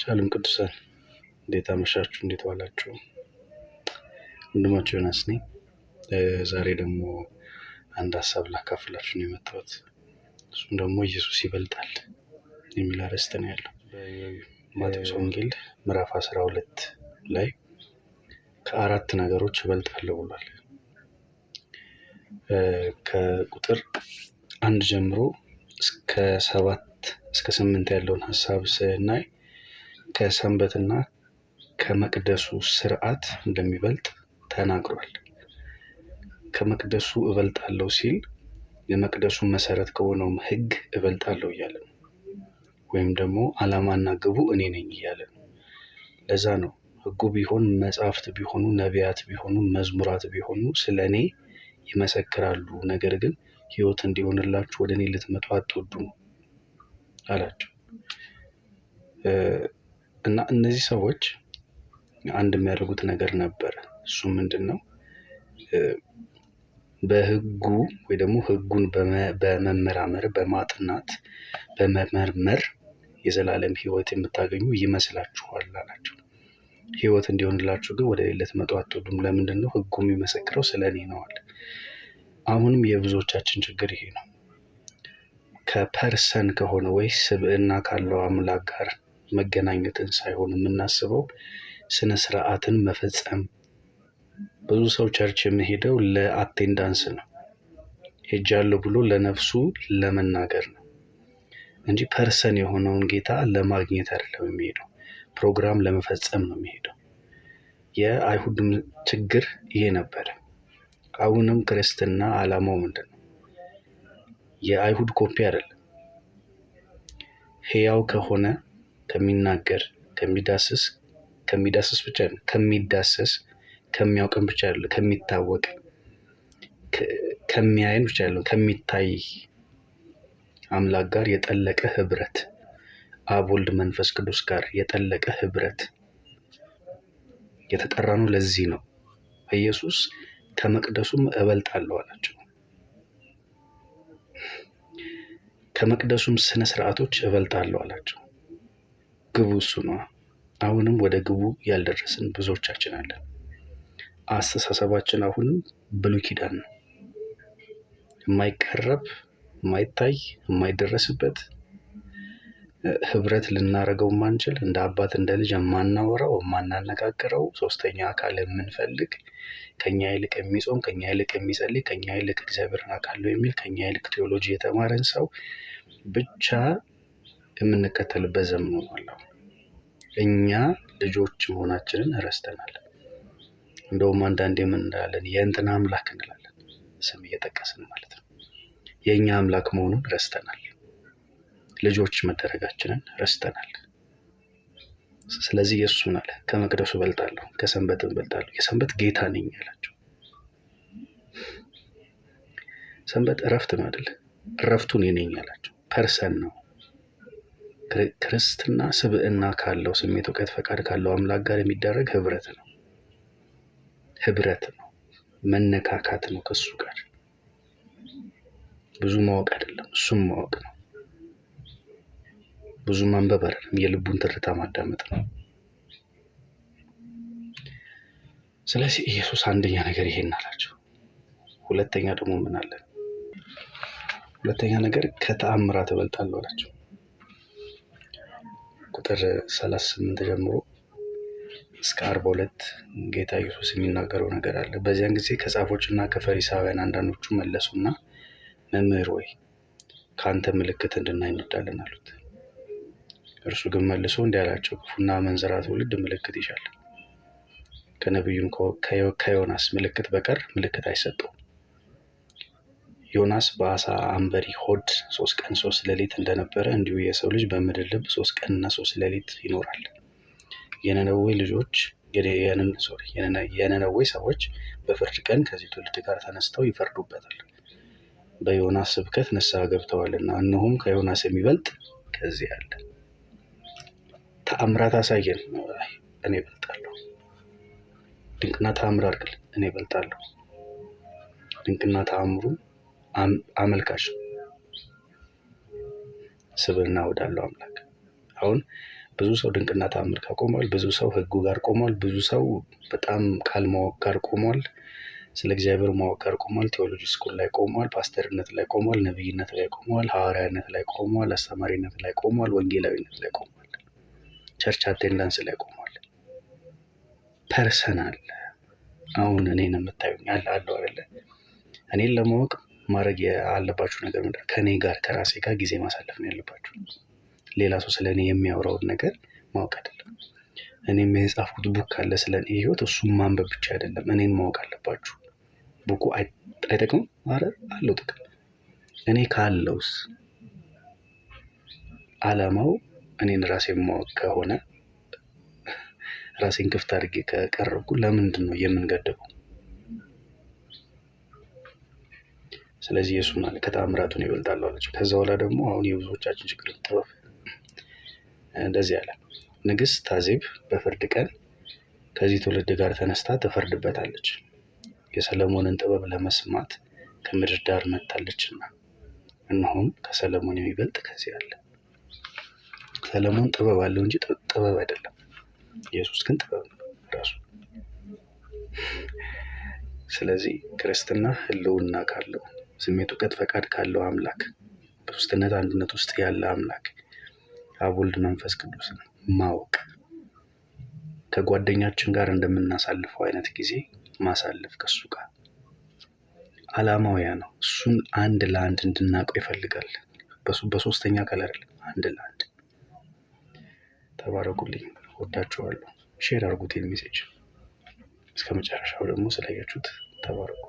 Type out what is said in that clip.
ሻሎም ቅዱሳን እንዴት አመሻችሁ? እንዴት ዋላችሁ? ወንድማችሁ ዮናስ ነኝ። ዛሬ ደግሞ አንድ ሀሳብ ላካፍላችሁ ነው የመጣሁት። እሱም ደግሞ ኢየሱስ ይበልጣል የሚል አርዕስት ነው ያለው። ማቴዎስ ወንጌል ምዕራፍ አስራ ሁለት ላይ ከአራት ነገሮች እበልጣለሁ ብሏል። ከቁጥር አንድ ጀምሮ እስከ ሰባት እስከ ስምንት ያለውን ሀሳብ ስናይ ከሰንበትና ከመቅደሱ ስርዓት እንደሚበልጥ ተናግሯል። ከመቅደሱ እበልጣለሁ ሲል የመቅደሱ መሰረት ከሆነውም ህግ እበልጣለሁ እያለ ነው። ወይም ደግሞ አላማና ግቡ እኔ ነኝ እያለ ነው። ለዛ ነው ህጉ ቢሆን መጽሐፍት ቢሆኑ ነቢያት ቢሆኑ መዝሙራት ቢሆኑ ስለ እኔ ይመሰክራሉ፣ ነገር ግን ህይወት እንዲሆንላችሁ ወደ እኔ ልትመጡ አትወዱም አላቸው። እና እነዚህ ሰዎች አንድ የሚያደርጉት ነገር ነበረ። እሱ ምንድን ነው? በህጉ ወይ ደግሞ ህጉን በመመራመር በማጥናት በመመርመር የዘላለም ህይወት የምታገኙ ይመስላችኋል አላቸው። ህይወት እንዲሆንላችሁ ግን ወደ ሌለት መጡ አትወዱም። ለምንድን ነው? ህጉ የሚመሰክረው ስለ እኔ ነዋል። አሁንም የብዙዎቻችን ችግር ይሄ ነው። ከፐርሰን ከሆነ ወይ ስብዕና ካለው አምላክ ጋር መገናኘትን ሳይሆን የምናስበው ስነ ስርዓትን መፈጸም። ብዙ ሰው ቸርች የሚሄደው ለአቴንዳንስ ነው፣ ሄጃለሁ ብሎ ለነፍሱ ለመናገር ነው እንጂ ፐርሰን የሆነውን ጌታ ለማግኘት አይደለም የሚሄደው፣ ፕሮግራም ለመፈጸም ነው የሚሄደው። የአይሁድም ችግር ይሄ ነበረ። አሁንም ክርስትና አላማው ምንድን ነው? የአይሁድ ኮፒ አይደለም። ህያው ከሆነ ከሚናገር ከሚዳስስ ከሚዳስስ ብቻ ከሚዳሰስ ከሚያውቅን ብቻ አይደለም ከሚታወቅ ከሚያየን ብቻ አይደለም ከሚታይ አምላክ ጋር የጠለቀ ህብረት አብ ወልድ መንፈስ ቅዱስ ጋር የጠለቀ ህብረት የተጠራ ነው። ለዚህ ነው ኢየሱስ ከመቅደሱም እበልጣለሁ አላቸው። ከመቅደሱም ስነ ስርዓቶች እበልጣለሁ አላቸው። ግቡ እሱ ነው። አሁንም ወደ ግቡ ያልደረስን ብዙዎቻችን አለን። አስተሳሰባችን አሁንም ብሉይ ኪዳን ነው። የማይቀረብ የማይታይ የማይደረስበት ህብረት ልናደርገው የማንችል እንደ አባት እንደ ልጅ የማናወራው የማናነጋግረው ሶስተኛ አካል የምንፈልግ ከኛ ይልቅ የሚጾም ከኛ ይልቅ የሚጸልይ ከኛ ይልቅ እግዚአብሔርን አውቃለሁ የሚል ከኛ ይልቅ ቴዎሎጂ የተማረን ሰው ብቻ የምንከተልበት ዘመን ሆኗል። እኛ ልጆች መሆናችንን ረስተናል። እንደውም አንዳንዴ ምን እንላለን? የእንትና አምላክ እንላለን፣ ስም እየጠቀስን ማለት ነው። የእኛ አምላክ መሆኑን ረስተናል። ልጆች መደረጋችንን ረስተናል። ስለዚህ የእሱን አለ ከመቅደሱ እበልጣለሁ፣ ከሰንበት እበልጣለሁ፣ የሰንበት ጌታ ነኝ ያላቸው። ሰንበት እረፍት ነው አይደለ? እረፍቱን የኔ ያላቸው ፐርሰን ነው ክርስትና ስብዕና ካለው ስሜት፣ እውቀት፣ ፈቃድ ካለው አምላክ ጋር የሚደረግ ህብረት ነው። ህብረት ነው፣ መነካካት ነው። ከሱ ጋር ብዙ ማወቅ አይደለም፣ እሱም ማወቅ ነው። ብዙ ማንበብ አይደለም፣ የልቡን ትርታ ማዳመጥ ነው። ስለዚህ ኢየሱስ አንደኛ ነገር ይሄን አላቸው። ሁለተኛ ደግሞ ምን አለን? ሁለተኛ ነገር ከተአምራት እበልጣለሁ አላቸው። ቁጥር 38 ጀምሮ እስከ 42 ጌታ ኢየሱስ የሚናገረው ነገር አለ። በዚያን ጊዜ ከጻፎች እና ከፈሪሳውያን አንዳንዶቹ መለሱና መምህር ወይ ከአንተ ምልክት እንድናይ እንወዳለን አሉት። እርሱ ግን መልሶ እንዲህ አላቸው፣ ክፉና አመንዝራ ትውልድ ምልክት ይሻል፣ ከነቢዩም ከዮናስ ምልክት በቀር ምልክት አይሰጠውም። ዮናስ በአሳ አንበሪ ሆድ ሶስት ቀን ሶስት ሌሊት እንደነበረ እንዲሁ የሰው ልጅ በምድር ልብ ሶስት ቀንና ሶስት ሌሊት ይኖራል። የነነዌ ልጆች የነነዌ ሰዎች በፍርድ ቀን ከዚህ ትውልድ ጋር ተነስተው ይፈርዱበታል። በዮናስ ስብከት ንስሐ ገብተዋልና እነሆም ከዮናስ የሚበልጥ ከዚህ አለ። ተአምራት አሳየን፣ እኔ እበልጣለሁ። ድንቅና ተአምር አድርግልን፣ እኔ እበልጣለሁ። ድንቅና ተአምሩ አመልካች ነው። ስብዕና ወዳለው አምላክ አሁን ብዙ ሰው ድንቅና ተአምር ጋር ቆሟል። ብዙ ሰው ህጉ ጋር ቆሟል። ብዙ ሰው በጣም ቃል ማወቅ ጋር ቆሟል። ስለ እግዚአብሔር ማወቅ ጋር ቆሟል። ቴዎሎጂ ስኩል ላይ ቆሟል። ፓስተርነት ላይ ቆሟል። ነብይነት ላይ ቆሟል። ሐዋርያነት ላይ ቆሟል። አስተማሪነት ላይ ቆሟል። ወንጌላዊነት ላይ ቆሟል። ቸርች አቴንዳንስ ላይ ቆሟል። ፐርሰናል አሁን እኔን የምታዩኝ አለ አለው አይደለ እኔን ለማወቅ ማድረግ ያለባችሁ ነገር ምንድነው? ከእኔ ጋር ከራሴ ጋር ጊዜ ማሳለፍ ነው ያለባችሁ። ሌላ ሰው ስለ እኔ የሚያወራውን ነገር ማወቅ አይደለም። እኔም የጻፍኩት ቡክ ካለ ስለ እኔ ህይወት እሱም ማንበብ ብቻ አይደለም፣ እኔን ማወቅ አለባችሁ። ቡኩ አይጠቅምም? አረ አለው ጥቅም። እኔ ካለውስ አላማው እኔን ራሴ ማወቅ ከሆነ ራሴን ክፍት አድርጌ ከቀረብኩ ለምንድን ነው የምንገደበው? ስለዚህ የእሱ ማለት ከተአምራቱን ይበልጣል አለችው። ከዛ በኋላ ደግሞ አሁን የብዙዎቻችን ችግር ተወፍ እንደዚህ አለ። ንግሥት ታዜብ በፍርድ ቀን ከዚህ ትውልድ ጋር ተነስታ ትፈርድበታለች የሰለሞንን ጥበብ ለመስማት ከምድር ዳር መጥታለችና፣ እነሆም ከሰለሞን የሚበልጥ ከዚህ አለ። ሰለሞን ጥበብ አለው እንጂ ጥበብ አይደለም። ኢየሱስ ግን ጥበብ ነው ራሱ። ስለዚህ ክርስትና ህልውና ካለው ስሜት፣ እውቀት፣ ፈቃድ ካለው አምላክ በሶስትነት አንድነት ውስጥ ያለ አምላክ አብ፣ ወልድ፣ መንፈስ ቅዱስን ማወቅ ከጓደኛችን ጋር እንደምናሳልፈው አይነት ጊዜ ማሳለፍ ከሱ ጋር አላማው ያ ነው። እሱን አንድ ለአንድ እንድናውቀው ይፈልጋል። በሶስተኛ ከለር አንድ ለአንድ ተባረኩልኝ። ወዳችኋለሁ። ሼር አርጉት ሜሴጅ እስከ መጨረሻው ደግሞ ስላያችሁት ተባረኩ።